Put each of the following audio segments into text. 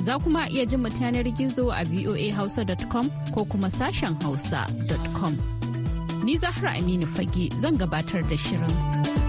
Za kuma iya jin mutanen gizo a voahausa.com ko kuma sashen hausa.com. Ni Zahra Aminu Fage zan gabatar da shirin.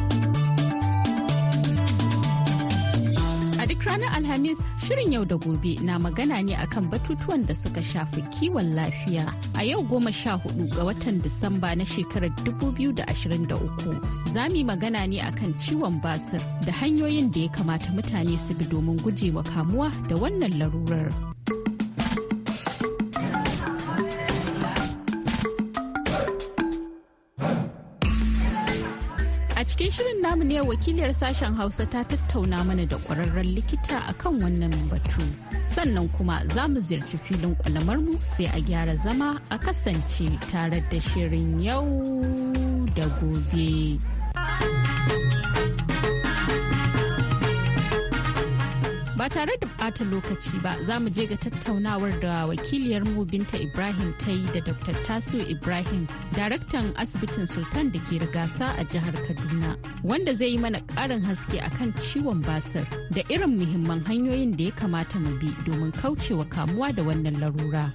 ranar Alhamis shirin yau da gobe na magana ne akan batutuwan da suka shafi kiwon lafiya. A yau goma sha hudu ga watan Disamba na shekarar 2023 za mu yi magana ne akan ciwon basir da hanyoyin da ya kamata mutane su bi domin gujewa kamuwa da wannan larurar. cikin shirin namu ne wakiliyar sashen Hausa ta tattauna mana da kwararren likita akan wannan batu. Sannan kuma za mu ziyarci filin kwalamarmu sai a gyara zama a kasance tare da shirin yau da gobe. ba tare da bata lokaci ba za mu je ga tattaunawar da wakiliyar mu binta ibrahim ta yi da dr tasu ibrahim daraktan asibitin sultan da ke rigasa a jihar kaduna wanda zai yi mana ƙarin haske a kan ciwon basir da irin muhimman hanyoyin da ya kamata mu bi domin kauce wa kamuwa da wannan larura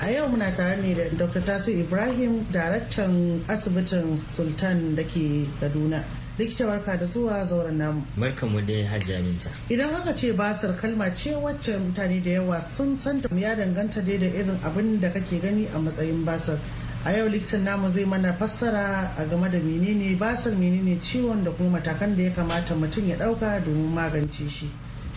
A yau muna tare ne da Dr. Tasir Ibrahim, daraktan asibitin Sultan da ke Kaduna. likita barka da zuwa zauren namu mu dai hajji aminta idan aka ce basar, kalma ce wacce mutane da yawa sun santa ya danganta dai da irin abin da kake gani a matsayin basir a yau likitan namu zai mana fassara a game da menene basir menene ciwon da kuma matakan da ya kamata mutum ya ɗauka domin magance shi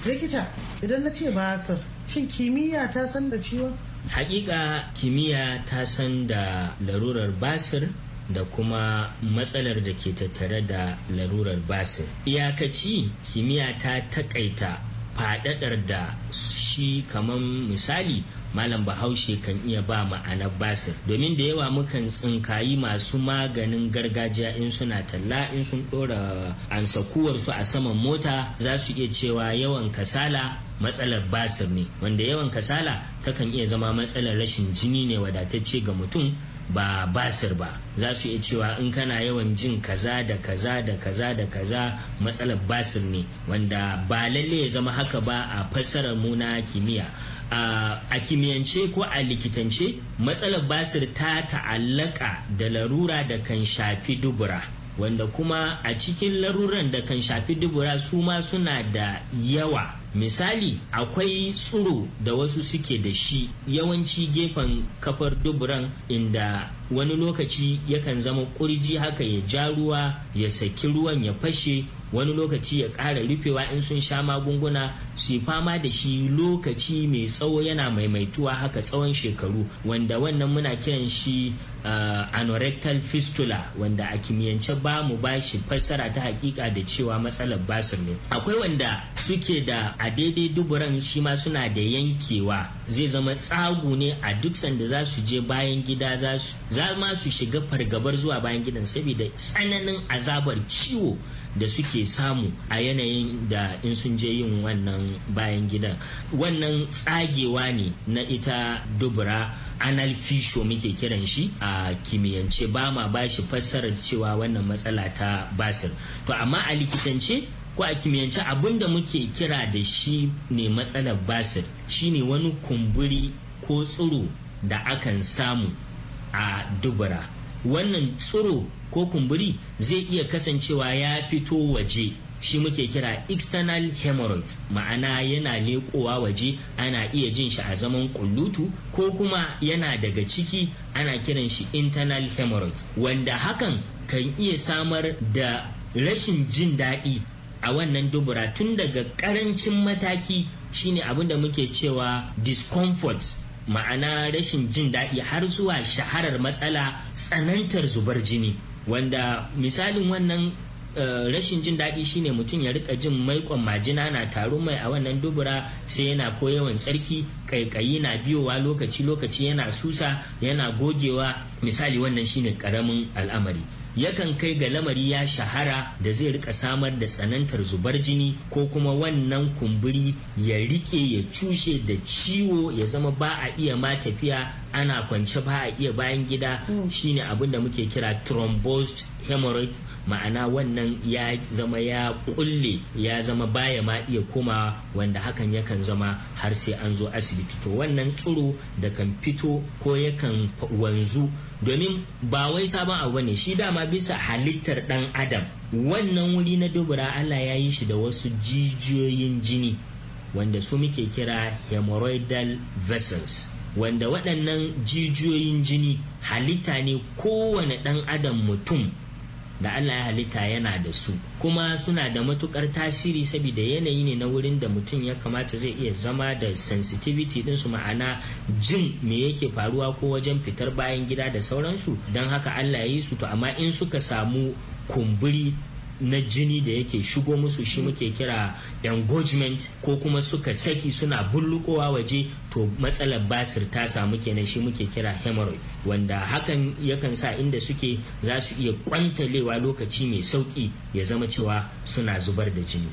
likita idan na ce basir shin kimiyya ta san da ciwon hakika kimiyya ta san da larurar basir da kuma matsalar da ke tattare da larurar basir iyakaci kimiyya ta takaita faɗaɗar da shi kamar misali malam bahaushe kan iya ba ma'anar basir domin da yawa mukan tsinkayi masu maganin gargajiya in suna talla in sun dora ansakuwarsu a saman mota za su iya cewa yawan kasala matsalar basir ne wanda yawan kasala takan iya zama matsalar rashin jini ne wadatacce ga mutum ba basir ba za su iya cewa in kana yawan jin kaza da kaza da kaza da kaza matsalar basir ne wanda ba lalle ya zama haka ba a fassarar mu na kimiyya a kimiyyance ko a likitance matsalar basir ta ta'allaka da larura da kan shafi dubura wanda kuma a cikin laruran da kan shafi dubura su ma suna da yawa misali akwai tsuro da wasu suke da shi yawanci gefen kafar duburan inda wani lokaci yakan zama kurji haka ya ja ruwa ya saki ruwan ya fashe wani lokaci ya ƙara rufewa in sun sha magunguna su fama da shi lokaci mai tsawo yana maimaituwa haka tsawon shekaru wanda wannan muna kiran shi uh, anorectal fistula wanda a kimiyyance ba mu ba shi fassara ta hakika da cewa matsalar basir ne akwai wanda suke da a daidai duburan shi ma suna da yankewa zai zama tsagu ne a duk sanda za su je bayan gida za ma su shiga fargabar zuwa bayan gidan saboda tsananin azabar ciwo da suke samu a yanayin da in sun je yin wannan bayan gidan wannan tsagewa ne na ita dubura anal fisho muke kiran shi a kimiyyance ba ma ba shi fassarar cewa wannan matsala ta basir to amma a likitance ko a kimiyyance abin da muke kira da shi ne matsalar basir shine wani kumburi ko tsuro da akan samu a dubura wannan tsiro ko kumburi zai iya kasancewa ya fito waje shi muke kira external hemorrhoids ma'ana yana leƙowa waje ana iya jin shi a zaman kullutu ko kuma yana daga ciki ana kiran shi internal hemorrhoids wanda hakan kan iya samar da rashin jin daɗi a wannan dubura tun daga ƙarancin mataki shine abin da muke cewa discomfort ma'ana rashin jin daɗi har zuwa shaharar matsala tsanantar zubar jini wanda misalin wannan eh, rashin jin daɗi shine mutum ya rika jin maikon majina na taro mai a wannan dubura sai yana ko yawan tsarki kaikayi na biyowa lokaci lokaci yana susa yana gogewa misali wannan shine karamin al'amari yakan kai ga lamari ya shahara da zai rika samar da tsanantar zubar jini ko kuma wannan kumburi ya rike ya cushe da ciwo ya zama ba a iya ma tafiya ana kwance ba a iya bayan gida mm. shine abin da muke kira thrombosed hemorrhoid ma'ana wannan ya zama ya kulle ya zama baya ma iya koma wanda hakan yakan zama har sai an zo asibiti to wannan tsuro da kan fito ko yakan wanzu domin ba wai sabon abu ne shi dama bisa halittar dan adam wannan wuri na dubura Allah ya yi shi da wasu jijiyoyin jini wanda su muke kira hemorrhoidal vessels wanda waɗannan jijiyoyin jini halitta ne kowane ɗan adam mutum da Allah ya halitta yana da su kuma suna da matukar tasiri saboda yanayi ne na wurin da mutum ya kamata zai iya zama da sensitivity din su ma'ana jin me yake faruwa ko wajen fitar bayan gida da sauransu don haka Allah ya yi su to amma in suka samu kumburi na jini da yake shigo musu shi muke kira engagement ko kuma suka saki suna bullukowa waje to matsalar basir ta samu kenan shi muke kira hemorrhoid wanda hakan yakan sa inda suke za su iya kwantalewa lokaci mai sauki ya zama cewa suna zubar da jini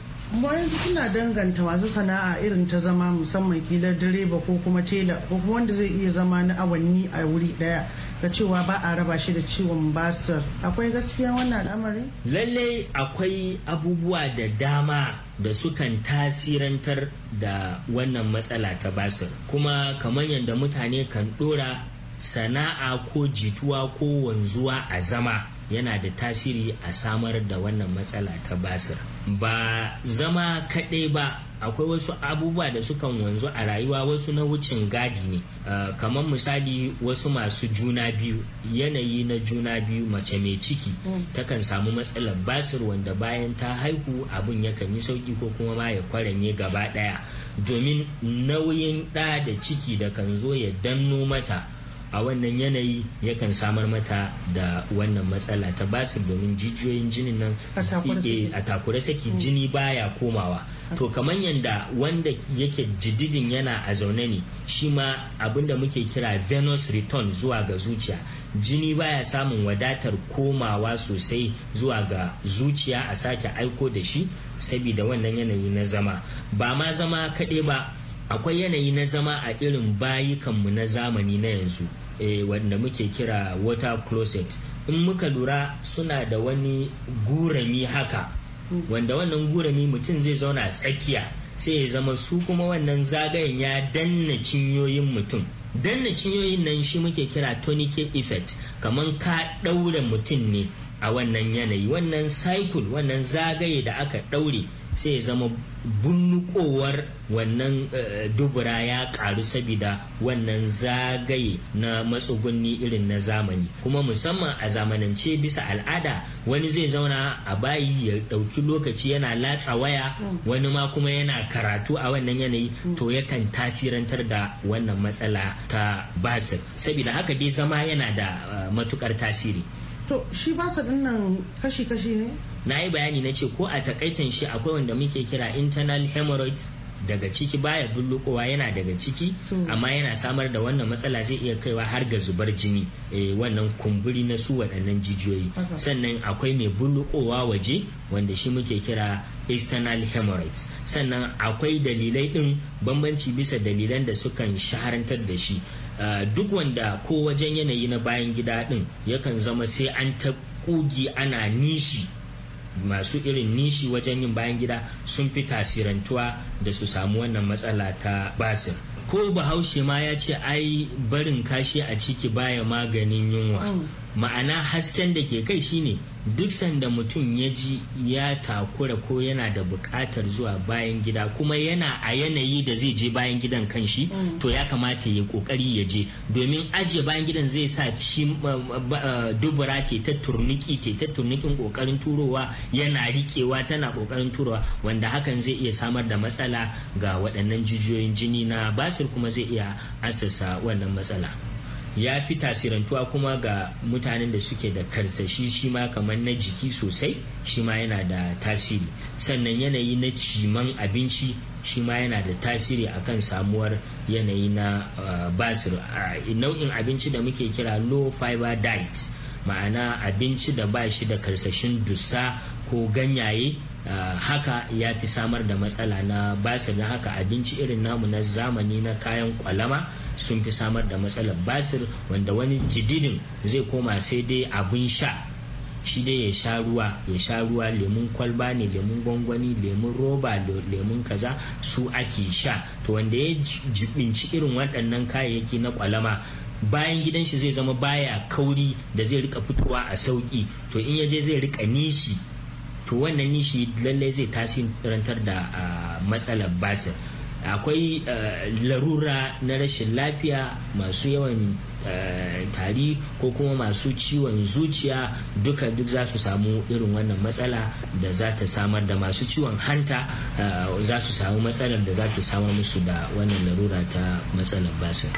wayansu suna danganta wasu sana'a irin ta zama musamman kila direba ko kuma tela ko kuma wanda zai iya zama na awanni a wuri daya da cewa ba a raba shi da ciwon basir akwai gaskiya wannan al'amari lallai akwai abubuwa da dama da sukan tasirantar da wannan matsala ta basir kuma kamar yadda mutane kan dora sana'a ko jituwa ko wanzuwa a zama yana da tasiri a samar da wannan matsala ta basir ba zama kaɗai ba akwai wasu abubuwa da sukan wanzu a rayuwa wasu na wucin gadi ne uh, kamar misali wasu masu juna biyu yanayi na juna biyu mace mai ciki mm. takan samu matsalar basir wanda bayan ta haihu abun yakan yi sauki ko kuma ma ya kwaranye gaba daya domin nauyin ɗa da ciki da kan zo ya danno mata a wannan yanayi yakan samar mata da wannan matsala ta basu domin jijiyoyin jinin nan a takure saki hmm. jini baya komawa to hmm. kamar yadda wanda yake jididin yana a zaune ne shi ma abinda muke kira venus return zuwa ga zuciya jini baya samun wadatar komawa sosai zuwa ga zuciya a sake aiko da shi saboda wannan yanayi na zama ba ma zama kaɗai ba akwai yanayi na zama a irin bayikanmu na zamani na yanzu e, wanda muke kira water closet in muka lura suna da wani gurami haka wanda wannan gurami mutum zai zauna tsakiya sai ya zama su kuma wannan zagayen ya danna cinyoyin mutum danna cinyoyin nan shi muke kira tonike effect kamar ka ɗaure mutum ne a wannan yanayi wannan cycle wannan zagaye da aka ɗaure sai ya zama bunnukowar wannan eh, dubura ya karu sabida wannan zagaye na matsugunni irin na zamani kuma musamman a zamanance bisa al'ada wani zai zauna a bayi ya dauki lokaci yana latsa waya wani ma kuma yana karatu a wannan yanayi to yakan tasirantar da wannan matsala ta basir sabida haka dai zama yana da eh, matukar tasiri to shi basir nan kashi-kashi ne na yi bayani na ce ko a takaitan shi akwai wanda muke kira internal hemorrhoids daga ciki baya bulukowa yana daga ciki amma yana samar da wannan matsala zai iya kaiwa har ga zubar jini eh, wannan kumburi na su waɗannan jijiyoyi sannan akwai mai bullukowa waje wanda shi muke kira external hemorrhoids sannan akwai dalilai ɗin bambanci bisa dalilan da sukan shaharantar da shi ah, duk wanda ko wajen yanayi na bayan gida ɗin yakan zama sai an ta ƙugi ana nishi masu irin nishi wajen yin bayan gida sun fi tasirantuwa da su samu wannan matsala ta basir ko bahaushe ma ya ce ai barin kashi a ciki baya maganin yunwa mm. ma'ana hasken da ke kai shine duk sanda mutum ya ji ya takura ko yana da bukatar zuwa bayan gida kuma yana a yanayi da zai je bayan gidan kan shi mm. to ya kamata ya kokari ya je domin ajiye bayan gidan zai sa ci eh, dubura ke ta turniki ke ta turnikin kokarin turowa yana rikewa tana kokarin turowa wanda hakan zai iya samar da matsala ga waɗannan jijiyoyin jini na basir kuma zai iya asasa wannan matsala. ya fi tasirantuwa kuma ga mutanen da suke da karsashi shi ma kamar na jiki sosai shi ma yana da tasiri sannan yanayi na ciman abinci shi ma yana da tasiri akan samuwar yanayi na uh, basir uh, nau'in abinci da muke kira low fiber diet ma'ana abinci da ba shi da karsashin dusa ko ganyaye Eh, haka ya fi samar da matsala na basir na haka abinci irin namu na zamani na kayan kwalama sun fi samar da matsalar basir wanda wani jididin zai koma sai dai abin sha shi dai ya sha ruwa ya sha ruwa lemun kwalba ne lemun gwangwani lemun roba lemun kaza su ake sha to wanda ya jibinci irin waɗannan kayayyaki na kwalama bayan gidan shi zai zama baya kauri da zai rika fitowa a sauki to in ya je zai rika nishi to wannan yin shi lallai zai tasirantar da matsalar basir akwai larura na rashin lafiya masu yawan tari ko kuma masu ciwon zuciya duka duk za su samu irin wannan matsala da za ta samar da masu ciwon hanta za su samu matsalar da za ta samar musu da wannan larura ta matsalar basir.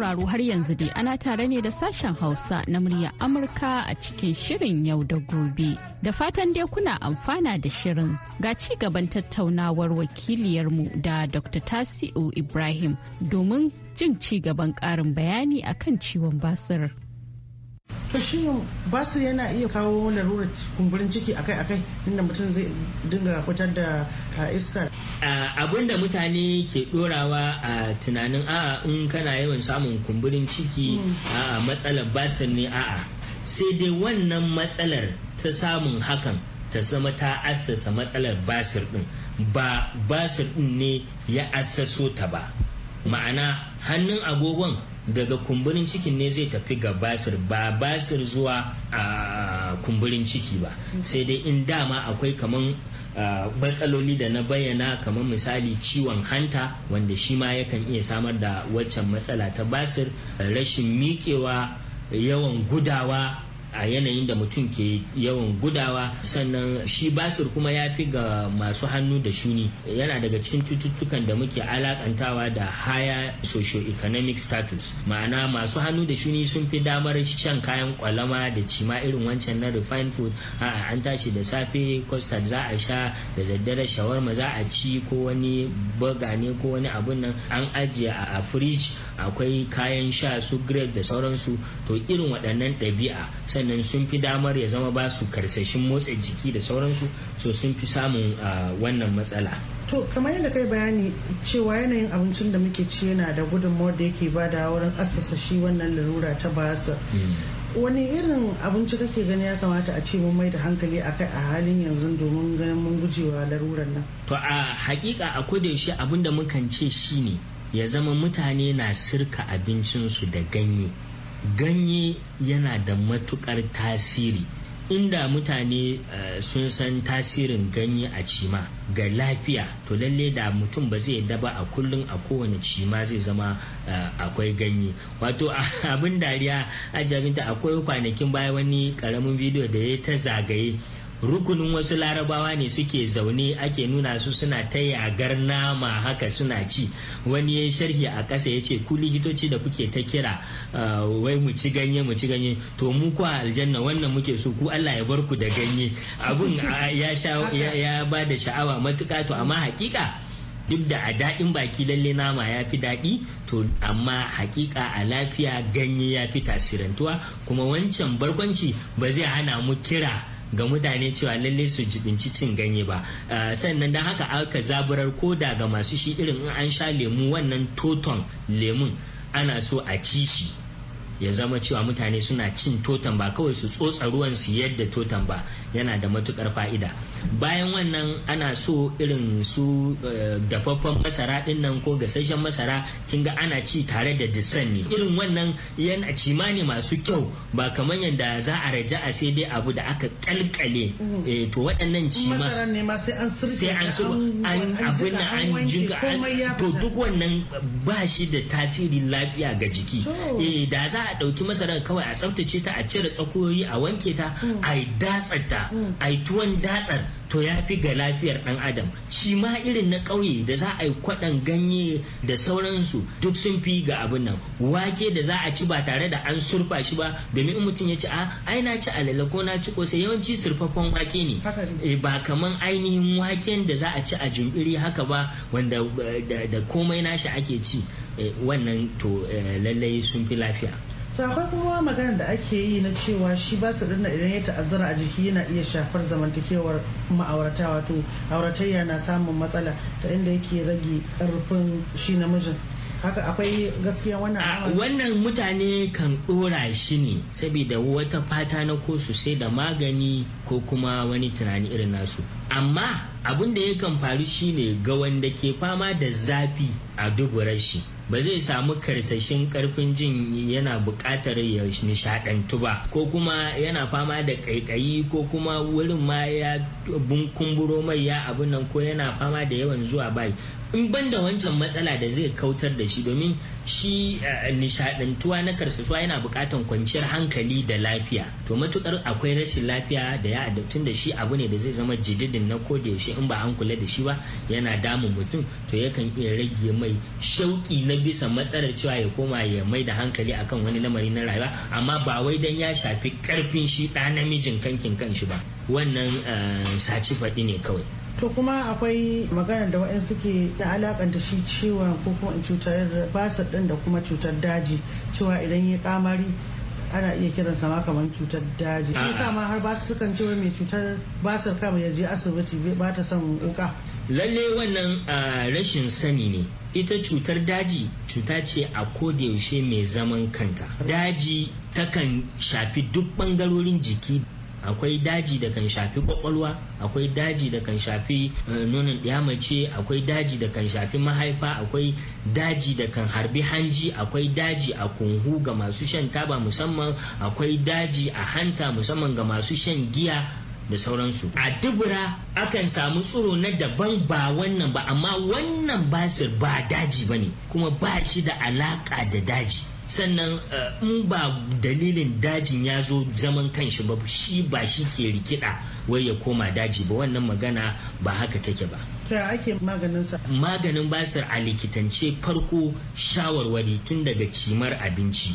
sauraro har yanzu dai ana tare ne da sashen Hausa na murya Amurka a cikin shirin yau da gobe. Da fatan dai kuna amfana da shirin. Ga cigaban gaban tattaunawar wakiliyarmu da Dr. Tasi'u Ibrahim domin jin cigaban gaban ƙarin bayani akan ciwon basir. to ba basir yana iya kawo larurar kumburin ciki akai-akai inda mutum zai dinga fitar da uh, iskar uh, abin da mutane ke dorawa a tunanin a'a in kana yawan samun kumburin ciki hmm. a matsalar basir ne a'a sai dai wannan matsalar ta samun hakan ta zama ta assasa matsalar basir din ba basir din ne ya assaso ta ba ma'ana hannun agogon daga kumburin cikin ne zai tafi ga basir ba basir zuwa a kumburin ciki ba mm. sai dai in dama akwai kamar matsaloli da na bayyana kamar misali ciwon hanta wanda shi ma yakan iya samar da waccan matsala ta basir rashin miƙewa yawan gudawa a yanayin da mutum ke yawan gudawa sannan shi basir kuma ya fi ga masu hannu da shuni yana daga cikin cututtukan da muke alakantawa da higher socio-economic status ma'ana masu hannu da shuni sun fi damar shan kayan kwalama da cima irin wancan na refined food a an tashi da safe custard za a sha da daddare shawarma za a ci ko wani burga ne ko wani abun nan an ajiye a fridge akwai kayan sha su grapes da sauransu to irin waɗannan ɗabi'a sannan sun fi damar ya zama ba su karsashin motsa jiki da sauransu so sun fi samun ah, wannan matsala to kamar yadda kai bayani cewa yanayin abincin da muke ci yana da gudunmawar da yake ba da wurin assasa shi wannan larura ta basa hmm. wani irin abinci kake gani ya kamata a ce mun mai da hankali a kai a halin yanzu domin ganin mun gujewa larurar nan to a hakika a kodayaushe abin da mukan ce shi ne ya zama mutane na sirka abincinsu da ganye ganye yana da matukar tasiri inda mutane eh, sun san tasirin ganye a cima ga lafiya to lalle da mutum ba zai daba a kullum a kowane cima zai zama eh, akwai ganye wato abin dariya ajabinta akwai kwanakin baya wani karamin bidiyo da ya ta zagaye rukunin wasu larabawa ne suke zaune ake nuna su suna ta yagar nama haka suna ci wani ya sharhi a ƙasa ya ce ku likitoci da kuke ta kira uh, wai mu ci ganye mu ci ganye to mu kuwa aljanna wannan muke so ku Allah ya bar ku da ganye abun uh, ya ba da sha'awa matuƙa to amma hakika duk da a daɗin baki lalle nama ya fi daɗi to amma hakika a lafiya ganye ya fi tasirantuwa kuma wancan barkwanci ba zai hana mu kira ga mutane cewa lalle su jibinci cin ganye ba eh, sannan don haka aka zaburar koda ga masu shi irin in an sha lemu wannan toton lemun ana so a ci shi ya zama cewa mutane suna cin toton ba kawai su tsotsa ruwan su yadda toton ba yana da matukar fa'ida bayan wannan ana so irin su eh, dafaffen masara din nan ko gasasshen masara kin ga ana ci tare da disan ne irin wannan yana cima ne masu kyau ba kamar yadda za a raja a sai dai abu da aka kalkale mm. eh, to waɗannan cima sai an so an abin an jinga to duk wannan ba shi da tasirin lafiya ga jiki eh, da za a ɗauki masara kawai a tsaftace ta a cire tsakoyi a wanke ta mm. a yi ta mm. a yi tuwon datsar to ya fi ga lafiyar ɗan adam shi ma irin na ƙauye da za a yi kwaɗan ganye da sauransu duk sun fi ga abin nan wake da za a ci ba tare da an surfa shi ba domin in mutum ya ci a ah, ai na ci alala ko na ci kosai yawanci surfaffen wake ne eh, ba kaman ainihin waken da za a ci a jumɓiri haka ba wanda eh, da komai nashi ake ci eh, wannan to lallai sun fi lafiya to akwai kuma maganar da ake yi na cewa shi ba su dinna idan ya ta'azzara a jiki yana iya shafar zamantakewar ma'aurata wato auratayya na samun matsala ta inda yake rage karfin shi namijin haka akwai gaskiya wannan wannan mutane kan dora shi ne saboda wata fata na ko su sai da magani ko kuma wani tunani irin nasu amma abin da yakan faru shine ga wanda ke fama da zafi a duburar shi ba zai samu karsashin karfin jin yana buƙatar ya nishadantu ba ko kuma yana fama da ƙaiƙayi ko kuma wurin ma ya bun kumburo mai ya abin nan ko yana fama da yawan zuwa bai in ban da wancan matsala da zai kautar da shi domin shi eh, nishadantuwa na karsatuwa yana bukatan kwanciyar hankali da lafiya to matukar akwai rashin lafiya da ya adabtun da shi abu ne da zai zama jididin na ko da yaushe in ba an kula da shi ba yana damun mutum to yakan iya rage mai shauki na bisa matsalar cewa ya koma ya mai da hankali akan wani lamari na rayuwa amma ba wai dan ya shafi karfin shi ɗa namijin kankin kan shi ba wannan eh, saci faɗi ne kawai to kuma akwai magana da wa'in suke na alakanta shi ciwon ko kuma cutar basir din da kuma cutar daji cewa idan ya kamari ana iya kiran sama kamar cutar daji shi sa ma har basu sukan cewa mai cutar basar kama ya je asibiti ba ta son wuka lalle wannan rashin sani ne ita cutar daji cuta ce a kodayaushe mai zaman kanta daji takan shafi duk bangarorin jiki akwai daji da kan shafi kwakwalwa akwai daji da kan shafi eh, nonon ɗaya mace akwai daji da kan shafi mahaifa akwai daji da kan harbi hanji akwai daji a kunhu ga masu shan taba musamman akwai daji a hanta musamman ga masu shan giya da sauransu a dubura akan samu tsoro na daban ba wannan ba amma wannan basir ba daji ba ne kuma ba shi da alaka da daji sannan eh, in ba dalilin dajin ya zo zaman kanshi ba shi ba shi ke rikida wai ya koma daji ba wannan magana ba haka take ba ake maganin sa basir a likitance farko shawarwari tun daga cimar abinci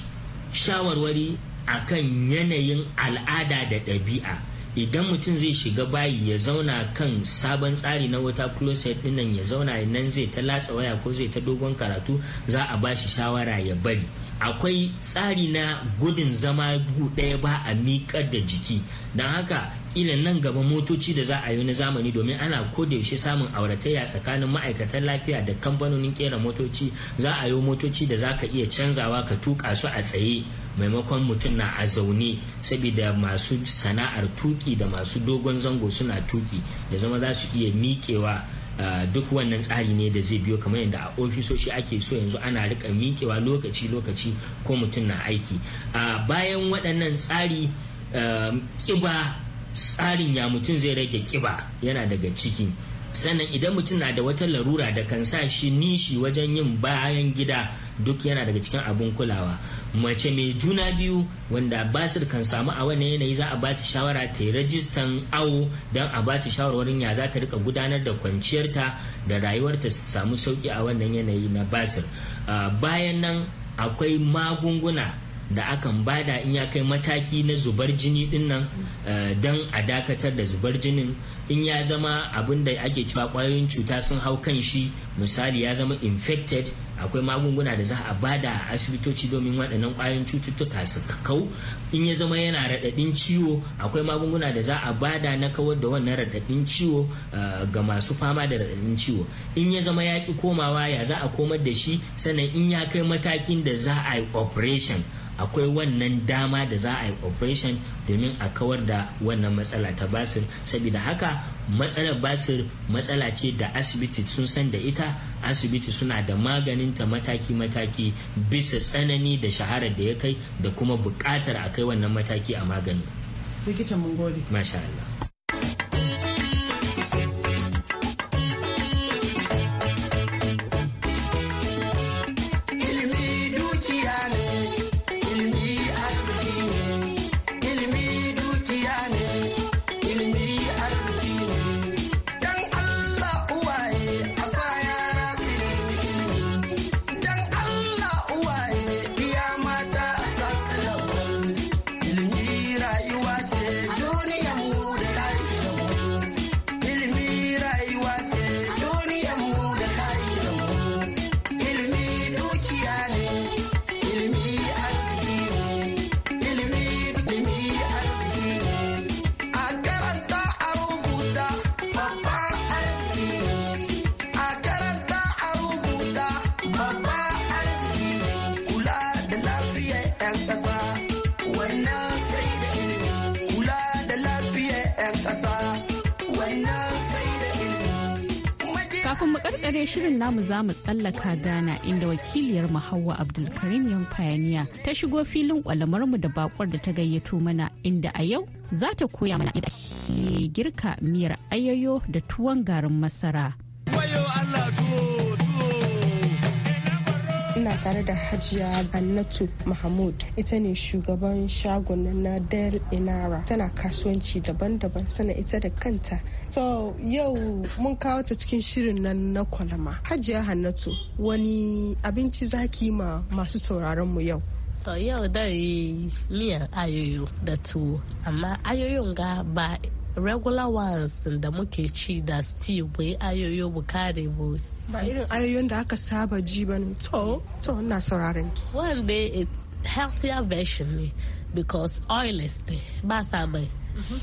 shawarwari a kan yanayin al'ada da ɗabi'a idan mutum zai shiga bayi ya zauna kan sabon tsari na wata closet dinnan ya zauna nan zai ta latsa waya ko zai ta dogon karatu za a bashi shawara ya bari akwai tsari na gudun zama ɗaya ba a miƙar da jiki don haka ƙila nan gaba motoci da za a yi na zamani domin ana yaushe samun auratayya tsakanin ma'aikatan lafiya da kamfanonin kera motoci za a yi motoci da za ka iya canzawa ka tuƙa su a tsaye maimakon mutum na a zaune saboda masu sana'ar tuki da masu dogon zango suna tuki da zama za su iya miƙewa Ah, duk wannan tsari ne da zai biyo kamar yadda a ofisoshi ake so yanzu ana rika miƙewa lokaci-lokaci ko mutum na aiki ah, bayan waɗannan tsari ah, ƙiba tsarin ya mutum zai rage ƙiba yana daga ciki sannan idan mutum na da wata larura da kan sa shi nishi wajen yin bayan gida duk yana daga cikin abun kulawa mace mai juna biyu wanda ba su kan samu a wannan yanayi za a bata shawara ta yi rajistan awo don a bata shawarwarin ya za ta rika gudanar da kwanciyarta da rayuwarta su samu sauki a wannan yanayi na basir ah, bayan nan akwai magunguna da akan bada in ya kai mataki na zubar jini dinnan eh, don a dakatar da zubar jinin in ya zama abin da ake cewa kwayoyin cuta sun hau kan shi misali ya zama infected akwai magunguna da za a bada a asibitoci domin waɗannan kwayoyin cututtuka su kau in ya zama yana raɗaɗin ciwo akwai magunguna da za a bada na kawar da wannan raɗaɗin ciwo eh, ga masu fama da raɗaɗin ciwo in ya zama ya ki komawa ya za a komar da shi sannan in ya kai matakin da za a yi operation akwai wannan dama da za a yi operation domin a kawar da wannan matsala ta basir saboda haka matsalar basir matsala ce da asibiti sun san da ita asibiti suna da maganin ta mataki-mataki bisa tsanani da shaharar da ya kai da kuma bukatar a kai wannan mataki a magani. likitan Kafin mu karkare shirin namu za mu tsallaka Ghana inda wakiliyar mu Hauwa Abdulkarim yan Pioneer ta shigo filin mu da bakwar da ta gayyato mana inda a yau za ta koya mana yadda girka miyar ayoyo da tuwon garin masara. ina tare da hajiya annatu mahmud ita ne shugaban shagon na del inara tana kasuwanci daban-daban sana ita da kanta so yau mun kawo ta cikin shirin nan na kwalama hajiya hannatu wani abinci zaki ma masu sauraron mu yau to yau dai miyan ayoyo da tuwo amma ayoyon ga ba regular ones da muke ci da stew bai ayoyo bukare bu ba irin ayoyin da aka saba ji ba ne to to ina sauraron ki one day it's healthier version ne because is ne ba sa mai mm-hmm.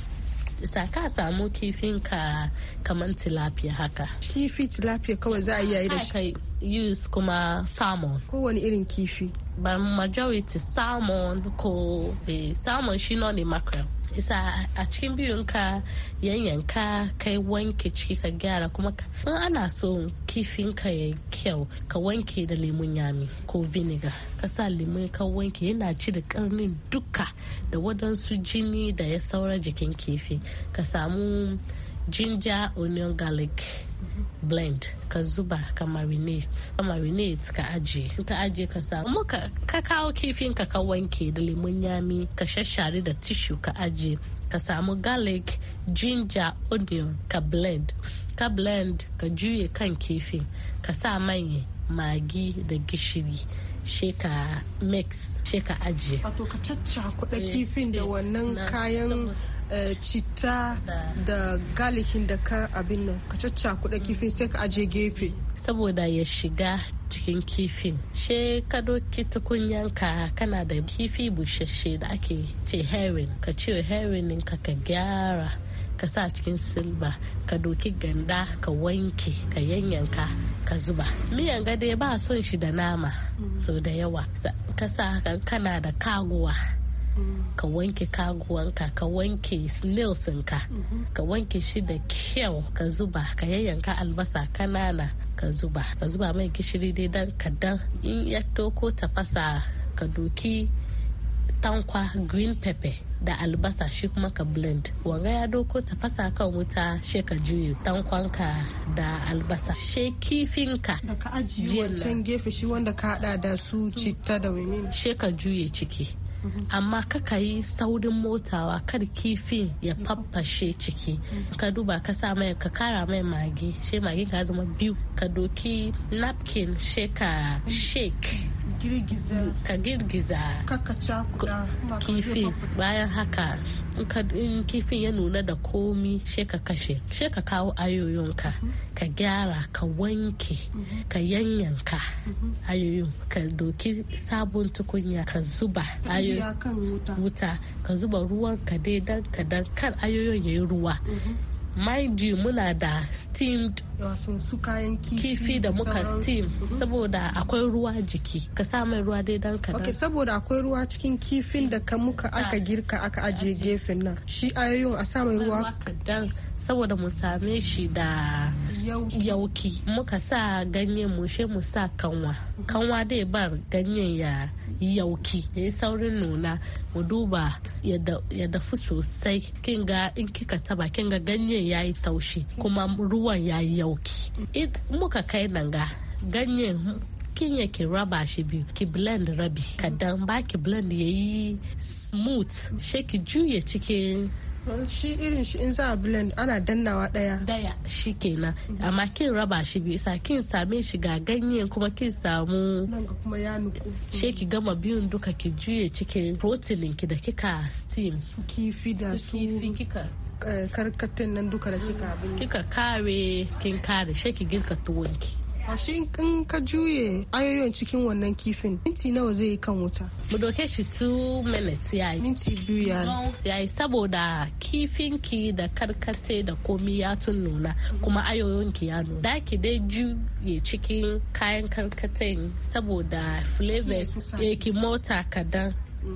sa ka samu kifin ka kamar tilapia haka kifi tilapia kawai za a iya yi da shi use kuma salmon kowane irin kifi ba majority salmon ko eh, salmon shi ne mackerel isa a cikin biyun ka yanyanka kai wanke ciki ka gyara kuma in ana so kifin ka ya kyau ka wanke da lemun yami ko vinegar ka sa lemun ka wanke yana ci da karnin duka da wadansu jini da ya saura jikin kifi ka samu ginger onion garlic blend ka zuba ka marinate ka marinate ka aje ta aje ka sa kuma ka kawo kifin ka wanke da lemon yami ka shashare da tissue ka aje ka samu garlic ginger onion ka blend ka blend ka juye kan kifin ka sa manye magi da gishiri sheka mix sheka ajiye wato ka cacca kuɗa kifin da eh, wannan kayan Eh, citta da galikin da ka abin nan ka kuɗa mm. kifin sai ka aje gefe saboda ya shiga cikin kifin she ka doki tukunyanka kana da kifi bushashe da ake ce herin. ka ce herin ka ka gyara ka sa cikin silba ka doki ganda ka wanke ka yanyanka ka zuba miyan gade ba son shi da nama mm. so da yawa Kasa kana da kaguwa ka wanke kaguwanka ka wanke nilsinka ka wanke shi da kyau ka zuba ka yayyanka albasa kanana ka zuba ka zuba mai gishiri dai dan dan in ya ko tafasa ka doki tankwa green pepper da albasa shi kuma ka blend wanga ya doko ta kan wuta she ka juye tankwanka da albasa she kifinka da ka ajiye wancan gefe shi wanda ka hada da su citta da wani she ka juye ciki amma kaka yi saurin motawa kar kifi ya faffashe ciki ka duba ka sa mai ka kara mai magi shi magi ka zama biyu ka doki napkin she ka shake girgiza ka girgiza kifi bayan haka in kifin ya nuna da komi she ka kashe she ka kawo ayoyonka mhm. ka gyara ka wanke mhm. ka yanyanka mhm. ayoyon ka doki sabon tukunya ka zuba wuta ka zuba ruwan ka dai dan ka dan kar ayoyon yayi ruwa mind you muna da steamed kifi da muka steam mhm. saboda akwai ruwa jiki ka sa mai ruwa dai dan kadan okay saboda akwai ruwa cikin kifin da ka muka aka ah. girka aka ajiye gefen nan shi ayoyin a sa ruwa saboda mu same shi da yauki muka sa ganye mu she mu sa kanwa kanwa dai bar ganyen ya yauki ya yi saurin nuna mu duba ya dafu sosai kin ga in kika taba kin ga ganyen ya yi taushi kuma ruwan ya yi yauki muka kai nan ga ganyen kin ya ki raba shi biyu ki blend rabi kadan ba ki blend ya yi smooth she ki juya cikin shi irin shi in za a blend ana dannawa daya daya shi kenan amma kin raba shi bisa kin same shi ga ganye kuma kin samu kuma ya nuku shi ki gama biyun duka ki juye cikin protein ki da kika steam su kifi da su kifi kika eh, karkatin nan duka da kika abin kika kare kin kare shi ki girka tuwon ki shi in ka juye ayoyon cikin wannan kifin minti nawa zai yi kan wuta mu doke shi 2 minutes ya yi minti biyu ya ya yi saboda kifin ki da karkate da komi ya tun nuna kuma ayoyon ki ya nuna da ki dai juye cikin kayan karkate saboda flavors ya eh, ki mota kadan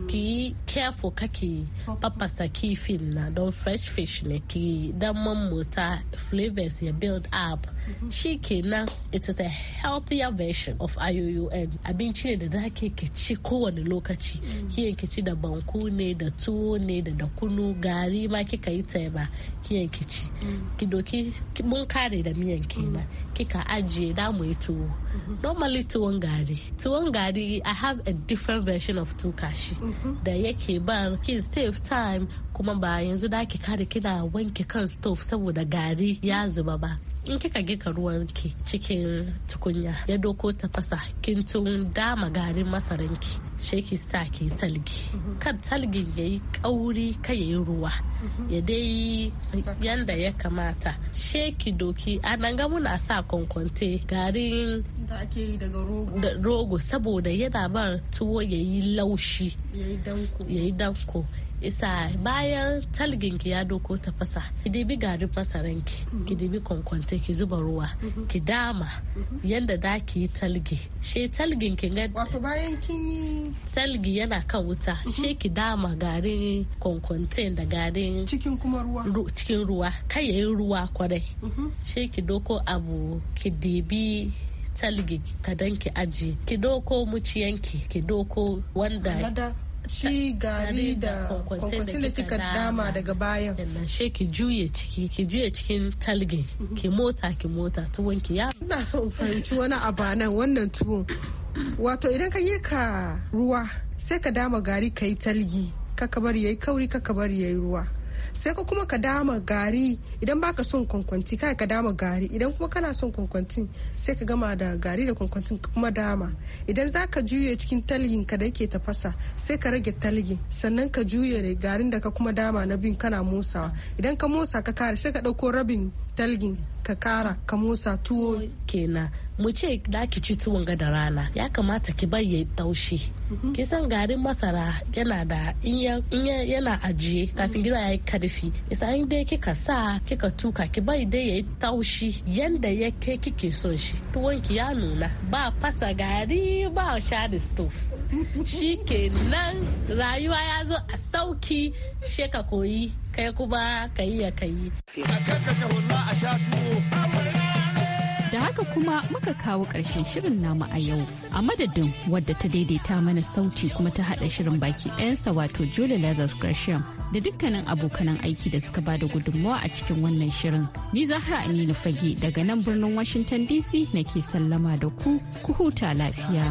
ki yi careful kake papasa kifin na don fresh fish ne ki dan mamuta flavors ya build up shi kenan it is a healthier version of IUUN abinci ne da zaki ki ci kowane lokaci kiyan ki ci da banku ne da tuwo ne da da kunu gari ma kika yi ba kiyan ki ci ki doki mun kare da miyan kenan kika ajiye da mu yi tuwo normally tuwon gari tuwon gari i have a different version of tukashi da yake ba, kin save time kuma ba yanzu da ki kare kina wanke kan stove saboda gari ya zuba ba in kika girka ruwan ki cikin tukunya ya doko tafasa kin tun dama garin masaran ki she ki sa ki talgi kan talgin yayi kauri kai yi ruwa ya dai yanda ya kamata she ki doki a nan ga muna sa kwankwante garin da rogo saboda yana bar tuwo ya yi laushi ya yi danko isa bayan talgin ki ya doko ta fasa ki dibi garin fasaran ki ki dibi kwankwante ki zuba ruwa ki dama yadda da ki yi talgi she talgin ki ga wato bayan kin yi talgi yana kan wuta she ki dama garin kwankwante da garin cikin kuma ruwa cikin ruwa kai yayin ruwa kwarai mhm. she ki doko abu ki dibi talgi kadan ki aji ki doko muciyanki ki doko wanda shi gari da kwakwacin da kika dama daga bayan she ki juye ciki ki juye cikin talge ki mota ki mota tuwon ki ya ina so in fahimci wani abanan wannan tuwon wato idan ka yirka ruwa sai ka dama gari ka talgi kaka bari yayi kauri kaka bari yayi ruwa sai ka kuma ka dama gari idan baka son kwankwanti kai ka dama gari idan kuma kana son kwankwanti sai ka gama da gari da kwankwanti kuma dama idan za ka juye cikin talgin ka da yake tafasa sai ka rage talgin sannan ka juye garin da ka kuma dama na bin kana musawa idan ka musa ka kare sai ka ɗauko rabin talgin ka kara ka Musa tuwo kenan mu ce da ki ci tuwon gada rana ya kamata ki bar ya taushi mhm. ki san garin masara yana da in yana ajiye kafin mhm. gida yi karfi isa in dai kika sa kika tuka ki bar dai yayi taushi yanda ke kike son shi tuwon ki ya nuna ba fasa gari ba share stove shi nan rayuwa ya zo a sauki sheka koyi kai kuma ka yi ya ka Da haka kuma muka kawo ƙarshen shirin namu a yau a madadin wadda ta daidaita mana sauti kuma ta haɗa shirin baki ɗayansa wato Julie Leathers Gresham da dukkanin abokanan aiki da suka bada gudunmawa a cikin wannan shirin. Ni Zahra Aminu Fage daga nan birnin Washington DC nake sallama da ku, ku huta lafiya.